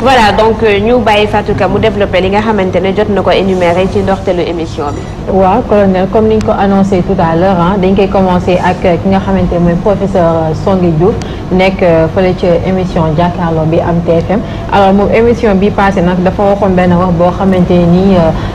voilà donc euh, ñu bàyyi Fatou Ka mu développé li nga xamante ne jot na ko énuméré ci ndorteelu émission bi. waaw colonel comme ni ñu ko annoncé tout à l'heure dañ koy commencé ak euh, ki nga xamante ne mooy professeur euh, Songué Diouf nekk fële ci émission jàkkaarloo bi am TFM alors moom émission bi passé nag dafa waxoon benn wax boo xamante ni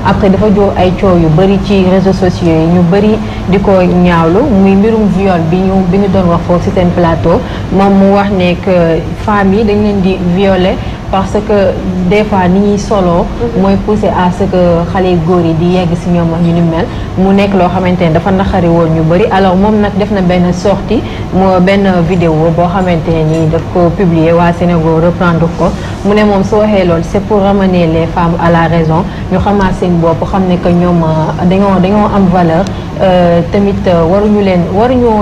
après dafa jóor ay coow yu bëri ci réseaux sociaux yi ñu bëri di ko ñaawlu muy mbirum viol bi ñu bi ñu doon wax foofu ci seen plateau moom mu wax ne que femmes yi dañ leen di violer. parce que des fois ni ñuy soloo mhm. mooy pousser à ce que xale góor yi di yegg si ñoom ak yu ni mel mu nekk loo xamante ne dafa naqari woon ñu bëri alors moom nag def na benn sortie moo benn vidéo boo xamante ne nii daf ko publier waa Sénégal reprendre ko mu ne moom su waxee loolu c'est pour ramener les femmes à la raison ñu xamaa seen bopp xam ne que ñoom ah, dañoo dañoo am valeur euh, tamit euh, waruñu leen waruñu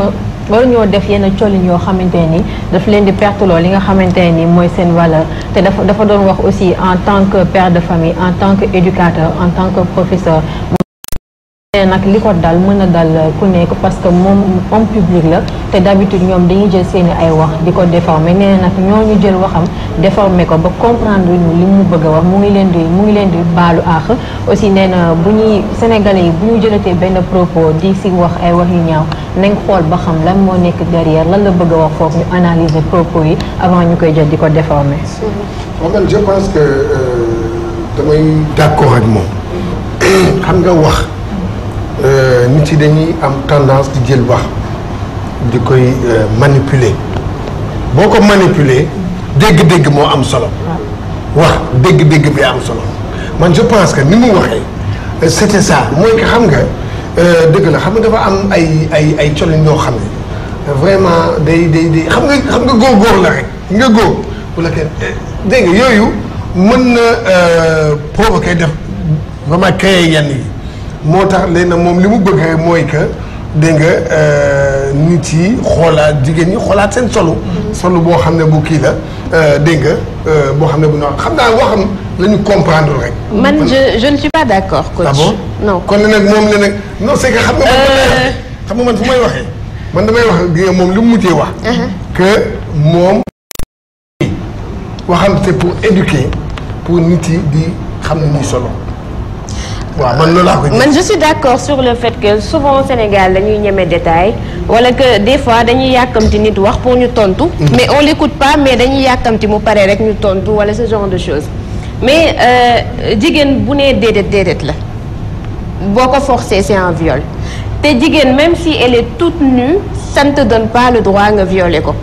waru ñoo def yenn colin yoo xamante ni daf leen di perteloo li nga xamante ni mooy seen valeur te dafa dafa doon wax aussi en tant que père de famille en tant que éducateur en tant que professeur mais nag li ko dal mën a dal ku nekk parce que moom homme public la te d'habitude ñoom dañu jël seeni ay wax di ko déformer nee nag ñoo ñu jël waxam déformer ko ba comprendre ñu li mu bëgg a wax mu ngi leen di mu ngi leen di baalu àq aussi nee na bu ñuy sénégalais yi bu jëlatee benn propos di si wax ay wax yu ñaaw nañ xool ba xam lan moo nekk derrière lan la bëgg a wax foofu ñu analyser propos yi avant ñu koy jël di ko déformer. je pense que euh, damay d'accord ak moom xam nga wax. nit ci dañuy am tendance di jël wax di koy euh, manipuler boo ko manipuler dégg-dégg moo am solo wax dégg-dégg bi am solo man je pense que ni mu waxee euh, c'était ça mooy que xam nga euh, dëgg la xam nga dafa am ay ay ay colin yoo xam ne vraiment day day day xam nga xam nga góor góor la rek nga góor bu la nga yooyu mën na provoquer def vraiment créer yenn yi moo tax léegi nag moom li mu bëgg mooy que dégg nga euh, nit yi xoolaat jigéen ñi xoolaat seen solo. solo boo xam ne bu kii la euh, dégg nga euh, boo xam ne bu noor xam naa waxam la ñu comprendre rek. man je je ne suis pas d'accord. coach ah kon nag moom la nag non c'est que xam nga man. xam fu may waxee. man damay wax ak moom li mu mujjee wax. Uh-huh. que moom. waxam c'est pour éduquer pour nit yi di xam ne ñuy solo. waaw man loolu laa ko man je suis d'accord sur le fait que souvent Sénégal dañuy ñeme détail wala que des fois dañuy yàkkamti nit wax pour ñu tontu. Mm-hmm. mais on l'écoute pas mais dañuy yàkkamti mu pare rek ñu tontu wala ce genre de choses mais euh, jigéen bu nee déedéet déedéet la boo ko forcé c'est un viol te jigéen même si elle est tout nue ça ne te donne pas le droit nga violer ko.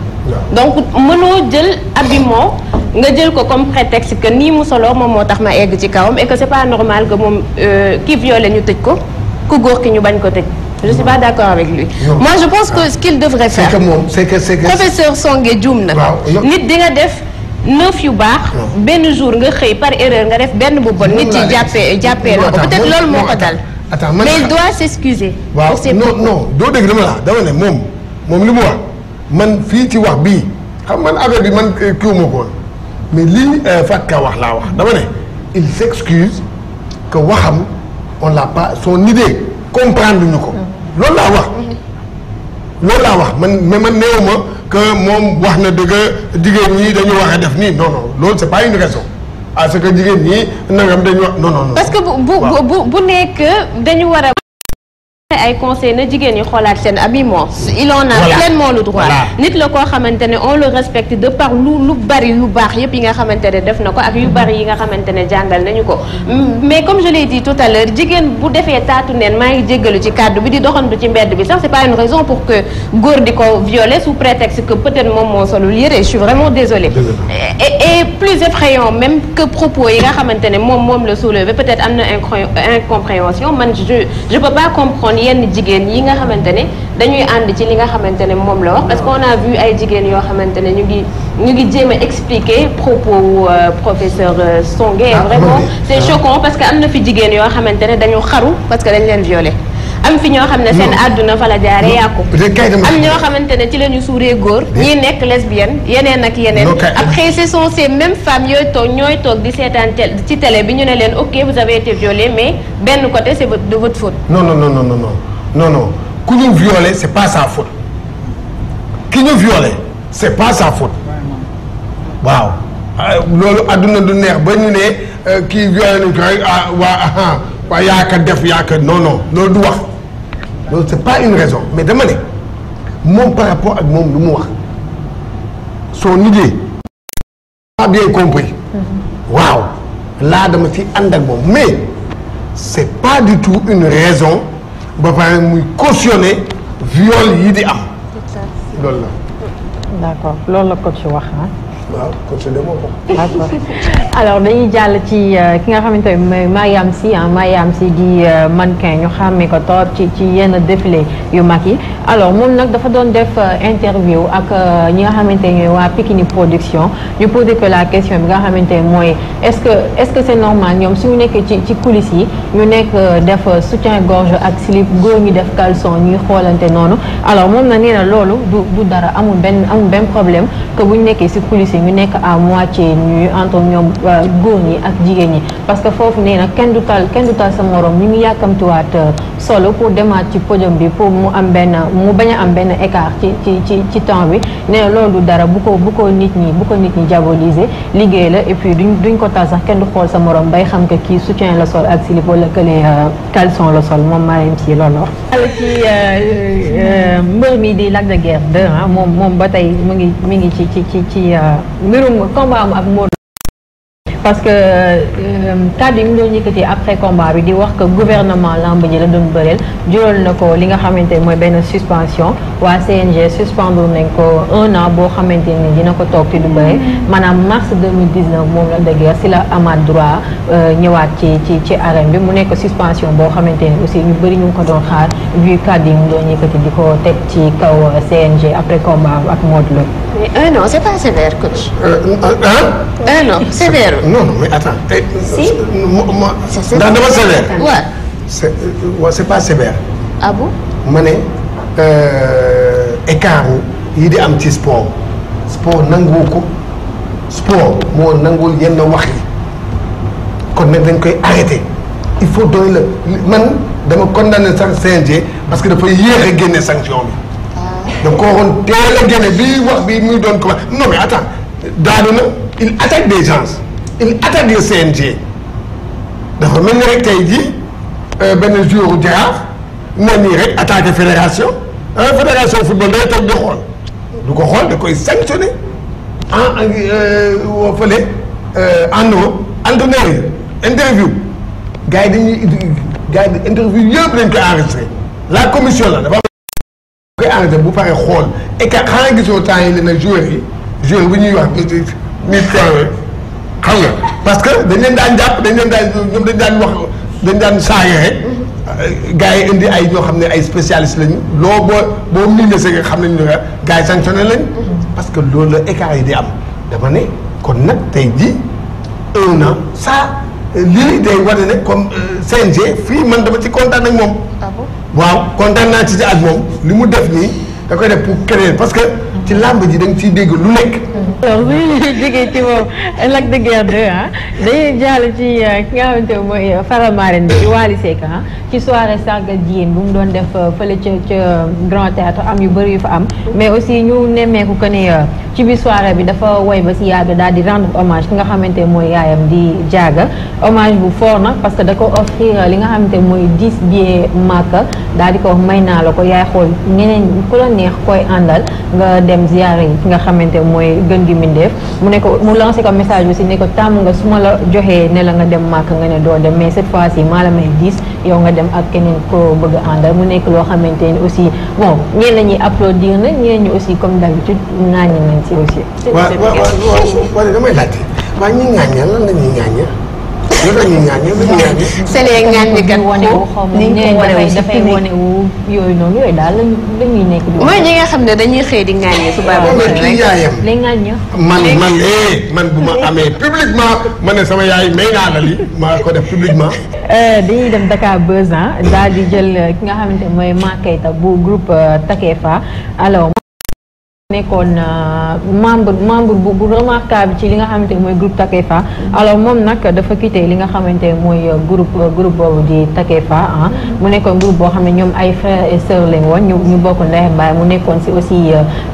donc mënoo jël habillement. nga jël ko comme prétexte que nii mu solo moom moo tax ma egg ci kawam et que c'est pas normal que moom euh, ki violé ñu tëj ko ku góor ki ñu bañ ko tëj. je suis pas d'accord avec lui. Non. je pense que ce qu'il devrait faire. c'est que moom professeur Songué juum na. nit di nga def neuf yu baax. benn jour nga xëy par erreur nga def benn bu bon. nit ci jàppee jàppee la ko peut-être loolu moo ko dal. mais il doit s'excuser. waaw non non doo dégg dama la dama ne moom moom li mu wax man fii ci wax bii xam man affaire bi man euh, kii wu ma mais lii euh, Fatka wax laa wax dama ne il s'excuse que waxam on l'a pas son idée comprendre ñu ko loolu laa wax loolu laa wax man mais man néew ma que moom wax na dëgg jigéen ñi dañu wax a def nii non non loolu c'est pas une raison à que jigéen ñi nangam dañu wax non non non parce que bu bu bu nekk dañu war a ay conseil na jigéen ñi xoolaat seen habillement il en a pleinement le droit nit la koo xamante ne on le respecte de par lu bari yu baax yépp yi nga xamante ne def na ko ak yu bari yi nga xamante ne jàngal nañu ko mais comme je l'ai dit tout à jigéen bu defee taatu neen maa ngi jéggalu ci kàddu bi di doxantu ci mbedd bi sax c'est pas une raison pour que góor di ko violer sous prétexte que peut-être moom moo solul yére je suis vraiment désolée et, plus effrayant même que propos yi nga xamante ne moom moom la soulever peut-être am na incompréhension man je je yenn jigéen yi nga xamante ne dañuy ànd ci li nga xamante ne moom la wax parce qu'on a vu ay jigéen yoo xamante ne ñu ngi ñu ngi jéem a expliquer propos euh, professeur euh, Songué ah, vraiment c'est ah. choquant parce que am na fi jigéen yoo xamante ne dañu xaru parce que dañ leen violé am fi ñoo xam ne seen àdduna fa la jaare yàqu am ñoo xamante ne ci la ñu suuree góor ñii nekk lesbienne yeneen ak yeneen après ce sont ces mêmes femmes yooyu toog ñooy toog di seetaan ci télé bi ñu ne leen ok vous avez été violé mais benn côté c'est de votre faute non non non non non non non non ku ñu violé ah, loolu àdduna du neex ba ñu ne euh, kii violé nañ ko rek ah du wax loolu c'est pas une raison mais dama ne moom par rapport ak moom lu mu wax son idée pas bien compris mm-hmm. waaw laa dama ci ànd ak moom mais c'est pas du tout une raison ba pare muy cautionner viole yi di am loolu la d'accord loolu la ko ci waaw moo ko. d'accord alors dañuy jàll ci euh, ki nga xamante ne mooy Mariam Sy ah si Sy man euh, mannequin ñu xàmmee ko toor ci ci yenn défilé yu mag yi alors moom nag dafa doon def euh, interview ak ñi nga xamante ne ñooy waa Pikini production ñu posé que la question bi nga xamante ne mooy est-ce que est-ce que c'est normal ñoom suñu nekk ci ci coulisses yi ñu nekk def soutien-gorge ak slip góor ñi def caleçon ñuy xoolante noonu alors moom na nee loolu du du dara amul benn amul benn problème ñu nekk à moitié ñuy entre ñoom euh, góor ñi ak jigéen ñi parce que foofu nee nag kenn du tal kenn du tal sa morom ñu ngi yàkkamtiwaat euh, solo pour demaat ci podium bi pour mu am benn mu bañ a am benn écart ci ci ci ci temps bi nee na loolu du dara bu ko bu ko nit ñi bu ko nit ñi diaboliser liggéey la et puis duñ duñ ko tal sax kenn du xool sa moroom bay xam que kii soutien la sol ak silip wala kële euh, caleçon la sol moom maa yem si loolu mbër mi di Lac de Guiers 2 ah, moom moom ba tey mu ngi mu ngi ci ci ci a euh, mbirum combat am ak Modou parce que euh, kàddu yi mu doon yëkkati après combat bi di wax que gouvernement lamb ji la doon bëreel jural na ko li nga xamante ne mooy benn suspension waa CNG suspendre nañ ko un an boo xamante ni dina ko toog ci du bëre maanaam mars 2019 moom la dëgg si la amaat droit euh, ñëwaat ci ci ci arène bi mu nekk suspension boo xamante ni aussi ñu bëri ñu ngi ko doon xaar vu kàddu yi mu doon yëkkati di ko teg ci kaw euh, CNG après combat ak Modou Lo. mais un an c'est pas sévère coach. un an sévère. non non mais attends. Eh, si ndax dafa sévère. waaw. c'est euh, ah euh, waaw yi di am ci sport. sport nanguwu ko. sport moo nangul yenn wax yi kon nag dañ koy arrêté il faut doy la man parce que dafa yéex a génne sanction bi. Ah. da ko waroon a génne bi wax bi muy doon ko non mais attends daanu na il attaque des gens. il attaque le CNG dafa mel ni rek tey jii benn jour jaraaf na nii rek attaqué fédération ah fédération football day toog di xool du ko xool da koy sanctionné ah woo fële en Europe entraîneur yi interview gars yi dañuy gars yi interview yëpp dañ koy enregistré la commission la dafa koy bu paree xool et que xanaa gisoo temps yi ne na yi joueur bu ñuy wax xam nga parce que dañ leen daan jàpp dañ leen daan ñoom dañ daan wax dañ daan saayee eh? gars yi indi ay ñoo xam ne ay spécialiste lañu loo boo boo mii nga sëgg xam nañ ne gars yi sanctionné lañ parce que loolu la écart yi di am dama ne kon nag tey ji un an ça lii day war ne comme euh, CNG fii man dama ci kontaan ak moom ah waaw kontaan naa ci si ak moom li mu def nii da pour créer parce que ci làmb ji da ciy dégg lu nekk. alors bu ñu jógee ci moom Lac de Guiers 2 ah dañuy jàll ci euh, ki nga xamante euh, bi Wally Seck ah ci soirée sargal jigéen bu mu doon def euh, fële ca ca Grand Théâtre am yu bëri fa am mais aussi ñu nemmeeku ko ne. ci biir soirée bi dafa woy ba si yàgg daal di rendre hommage ki nga xamante mooy yaayam di jaaga hommage bu foor nag parce que da ko offrir li nga xamante mooy 10 billets Màkka dal di ko wax may naa la ko yaay xool ñeneen ku la neex koy àndal nga dem ziyaare yi ki nga xamante mooy gën gi mbindeef mu ne ko mu lancé ko message bi si ne ko tàmm nga su ma la joxee ne la nga dem Màkka nga ne doo dem mais cette fois ci maa la may 10 yow nga dem ak keneen ko bëgg a àndal mu nekk loo xamante ni aussi bon ñenn ñi applaudir na ñenn ñi aussi comme d'habitude ŋaañu nañ ci aussi. waaw waaw waaw damay laajte waaw ñi ŋaañal lan la ñuy ŋaañal. ñëpp dañuy ñaan ñëpp dañuy ñaan ñëpp. sële yeeg ñaan ñi wu ko wane dafay wane yooyu noonu yooyu daal lañuy nekk. mooy ñi nga xam ne dañuy xëy di ñaan ñi suba ba pare man e, man bu ma amee publiquement ma ne sama yaay may naa la li maa ko def publiquement. dañuy dem Dakar Buzz daal di jël ki nga xamante mooy Makayta bu groupe euh, Takefa alors. nekkoon euh, membre membre bu bu remarquable ci li nga xamante mooy groupe Takefa alors moom nag dafa quitté li nga xamante mooy euh, groupe euh, groupe boobu di Takefa ah mu nekkoon groupe boo xam ne ñoom ay frères et sœurs lañ woon ñu ñu bokk ndey mu nekkoon si aussi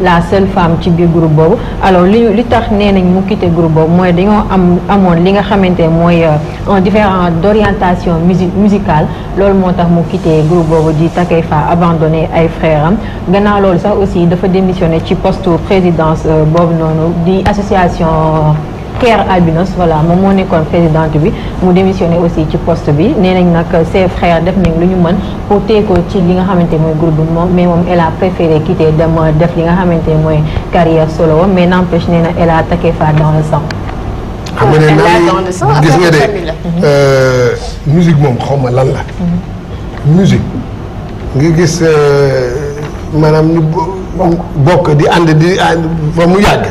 la seule femme ci biir groupe boobu alors li li tax nee nañ mu quitté groupe boobu mooy dañoo am amoon li nga xamante mooy un différent d'orientation musi musicale loolu moo tax mu quitté groupe boobu di Takefa abandonné ay frères gannaaw loolu sax aussi dafa démissionné ci poste présidence euh, boobu noonu di association Care Albinos voilà moom moo nekkoon présidente bi mu démissionné aussi ci post bi nee nañ nag euh, ses def nañ lu ñu mën pour téye ci li nga xamante mooy groupe bi moom mais moom elle a préféré quitter dem euh, def li nga xamante mooy carrière solo mais n'empêche nee na elle a attaqué fa dans le sang. xam nga ne naan gis moom xaw ma lan la. Mhm. musique nga gis. maanaam ñu bokk di ànd di mu yàgg.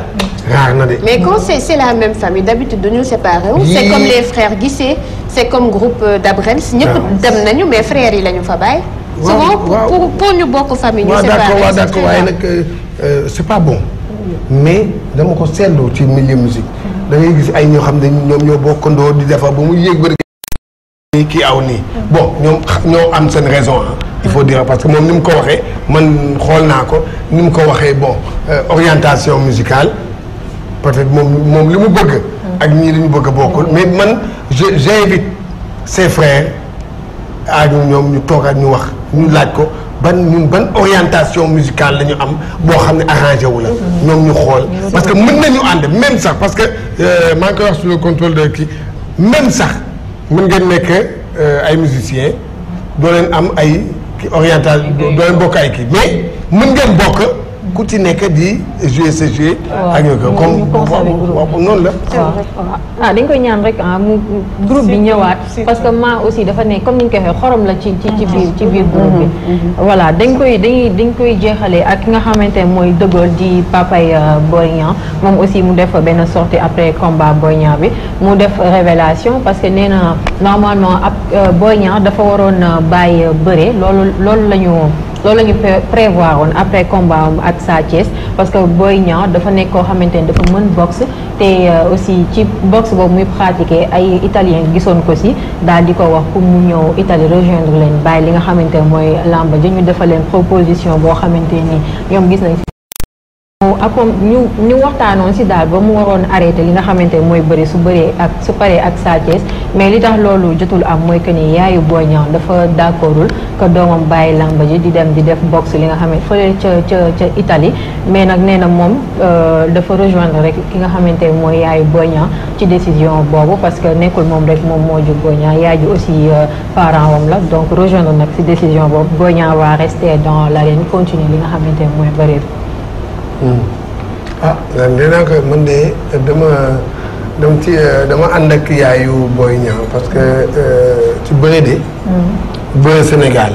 raar na de. mais quand c'est c'est la même famille d'habitude dañu séparé wu. c'est comme les frères Guissé c'est comme groupe euh, d'Abrels. ñëpp ah. dem nañu mais frères yi lañu fa bàyyi. souvent pour pour ñu bokk famille. ñu séparé waaw d'accord waaye nag euh, euh, c'est pas bon. mais dama ko seetlu ci milieu musique. da ngay gis ay ñoo xam ne ñoom ñoo bokkandoo di defar ba mu yéeg ba kii aw nii. bon ñoom ñoo am seen il faut dire parce que moom ni mu ko waxee man xool naa ko ni mu ko waxee bon euh, orientation musicale peut-être moom moom li mu bëgg. ak ñii li ñu bëgg a bokkul mais man je j'invite ses frères ah ñoom ñu toog ak ñu wax ñu laaj ko ban ñun ban orientation musicale la ñu am boo xam ne arrangé wu la. ñoom ñu xool parce que mën nañu ànd même sax parce que euh, maa ngi koy wax sous le contrôle de kii même sax mën ngeen nekk euh, ay musiciens doo leen am ay. oriental doo leen bokk ay kii mais mën ngeen bokk ku ci nekk di jouer sa jeu. ak yow noonu la. ah dañ koy ñaan rek ah mu groupe bi ñëwaat. parce que maa aussi dafa ne comme ni ñu koy waxee xorom la ci ci ci biir ci biir groupe bi. Mm-hmm, mm-hmm, mm-hmm. voilà dañ koy dañuy dañ koy jeexalee ak ki nga xamante ne mooy dëgër di papay euh, Boy Niang moom aussi mu def benn sorti après combat Boy Niang bi mu def révélation parce que nee na normalement ab euh, Boy Niang dafa waroon euh, bàyyi bëre loolu loolu la ñu. loolu la ñu prévoir woon après combat ak Sa Thiès parce que booy Niang dafa nekk koo xamante ni dafa mën boxe te euh, aussi ci box boobu muy pratiquer ay italien gisoon ko si daal di ko wax pour mu ñëw Italie rejoindre leen bàyyi li nga xamante mooy lamba ji ñu defal leen proposition boo xamante nii ñoom gis nañ mu accom ñu ñu waxtaanoon si daal ba mu waroon arrêté li nga xamante mooy bëri su bëree ak su paree ak Sa mais li tax loolu jotul am mooy que ni yaayu Boy Niang dafa d'accordul que doomam bàyyi lamba ji di dem di def boxe li nga xam ne fële ca ca ca Italie mais nag nee na moom euh, dafa rejoindre rek ki nga xamante mooy yaayu Boy Niang ci décision boobu parce que nekkul moom rek moom moo ju Boy Niang yaay ji aussi euh, parent wam la donc rejoindre nag si décision boobu Boy Niang va rester dans l'arène continuer li nga xamante mooy bëri ah nee naa man de dama dama ci eh, dama ànd ak yaayu Boy Niang parce que eh, ci bëre de. Mm. bëre Sénégal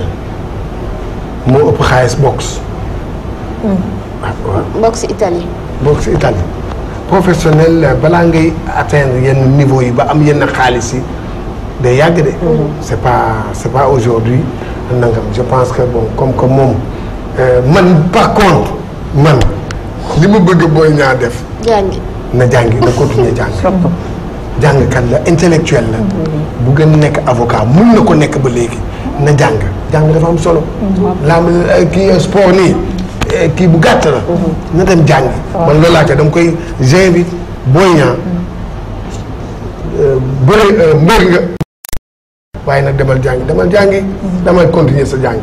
moo ëpp xaalis boxe. Mm. Ah, waaw boxe Italie. boxe Italie professionnel eh, balaa ngay atteindre yenn niveau yi ba am yenn xaalis yi day yàgg de. Mm-hmm. c'est pas c'est pas aujourd'hui nangam je pense que bon comme que moom man par contre man. li ma bëgg booy ñaa def. jàngi na jàngi na continuer jàng. jàngkat la intellectuel la. Mm-hmm. bu gën nekk avocat mun na ko nekk ba léegi. na jàng jàng dafa am solo. Mm-hmm. laam eh, kii eh, sport nii eh, kii bu gàtt la. Mm-hmm. na dem jàng. man loolu laa dama koy j'invite booy ñaa bëri mbër waaye nag demal jàngi demal jàngi. damay continuer sa jàng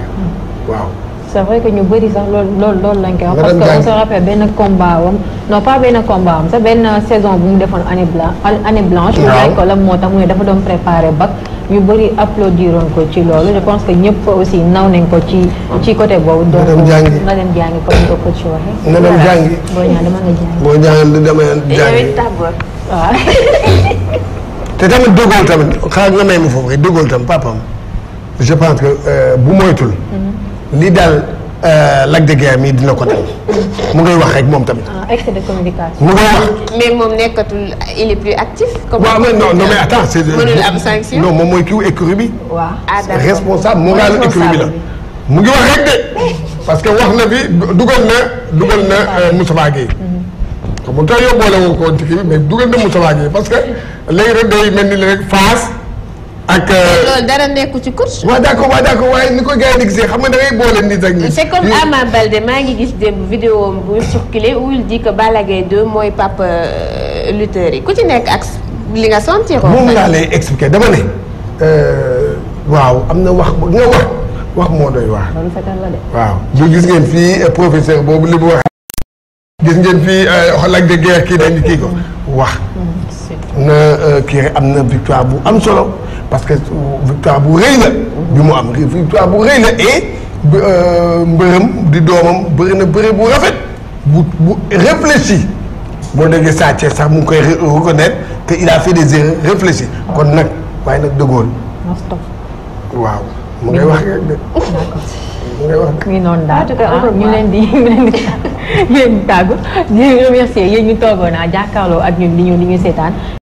waaw. c'est vrai que ñu bëri sax loolu loolu loolu lañ koy wax. parce que on se rappelle benn combat wam non pas benn combat wam sax benn saison bu mu defoon année blanche année blanche. waaw ko la moo tax mu dafa doon préparé bac. ñu bëri applaudiroon ko ci loolu je que ñëpp aussi naw nañ ko ci ci côté boobu. donc na dem jàngi ko ñu ko ko ci waxee. na dem jàngi boo ñaan dama nga jàngi. boo ñaan du dama te tamit dëggool tamit xaaral nga may ma foofu rek dëggool papam je pense que euh, bu moytul. Mm-hmm. li daal euh, Lac de Guiers mi dina ko dal mu ngay wax rek moom tamit. Ah, excès de communication. mu ngay wax. mais moom nekkatul il est plus actif. comme waaw mais non non mais attends c'est mënul am sanction non moom mooy kiw écurie bi. waaw ah, responsable moral écurie bi la. mu ngi wax rek de parce que wax na fi dugal na dugal na euh, Moustapha Gueye. Mhm. xam nga tey yow boole woo ko woon ci kii mais dugal na Moustapha Gueye parce que léegi rek day mel ni rek Fass. ak. Euh, loolu dara nekku ci course. waaw d'accord waaw d'accord waaye ni ko gars yi di gisee xam nga da ngay boole nit ak nit. c'est comme Ama Balde maa ngi gis démb vidéo bu circulé où il dit que Balla Gaye 2 mooy papa euh, lutteur yi ku ci nekk ak li nga sentir. moom laa lay expliquer dama ne. Euh, waaw am na wax nga wax wax moo doy wax. waaw bu fii professeur boobu li mu wax. gis ngeen fii euh, Lac de Guiers kii dañu kii ko wax na euh, kii am na victoire bu am solo parce que victoire bu rëy la bi mu am victoire bu rëy la et euh, mbërëm di doomam bëri na bëri bu rafet bu réfléchi boo déggee Sa Thiès sax mu ngi koy reconnaître que il a fait des erreurs réfléchi kon nag waaye nag dëggoon waaw mu ngay wax muy noonu daal ñu leen di ñu leen di ñu leen di tàggu di remercier yéen ñu toogoon a jàkkaarloo ak ñun li ñu li ñu seetaan